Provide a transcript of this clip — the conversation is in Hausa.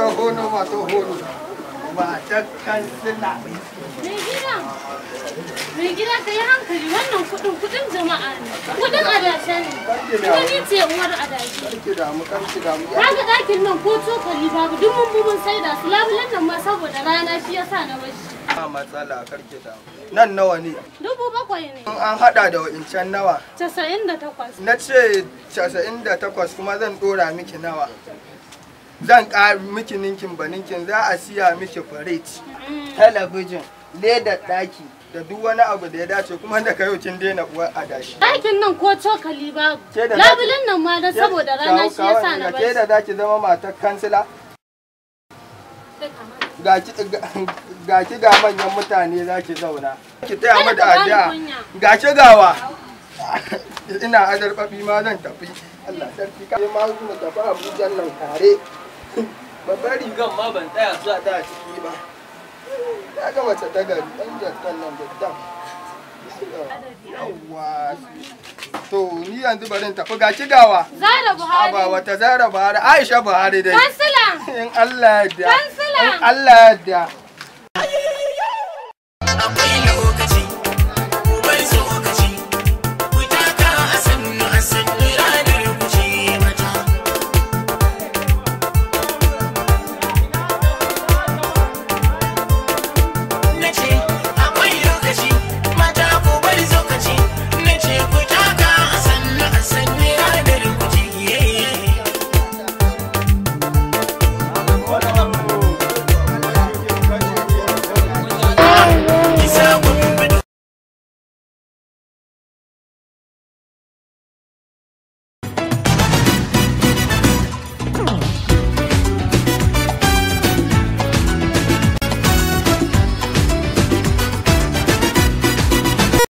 mata hono mata hono matar kansila mai gida ka yi hankali wannan kudin kudin jama'a ne kudin adashe ne kuma ni ce uwar adashe ka ga dakin nan ko cokali babu duk mun mun saida su labulan nan ma saboda rana shi yasa na bashi ba matsala karke da nan nawa ne dubu bakwai ne an hada da wa'incan nawa casa'in da takwas na ce casa'in da takwas kuma zan dora miki nawa zan ƙari miki ninkin ba ninkin za a siya miki faret talabijin ledar ɗaki da duk wani abu da ya dace kuma da kayo kin daina uwar adashi. Ɗakin nan ko cokali babu. Labulin nan ma don saboda rana shi yasa na bar. Ke da zaki zama matar kansila. Ga ki ga manyan mutane zaki zauna. Ki taya mu da addu'a. Ga gawa. Ina azarbabi ma zan tafi. Allah sarki ka ma mu tafi Abuja nan tare. babbar rigan ma ban tsaya sa ta a ciki ba ta ga mace ta gari ɗan jakkan nan da dam yawwa to ni yanzu barin tafi ga cigawa zara buhari ba wata zara buhari aisha buhari dai kansila in allah ya da kansila in allah ya da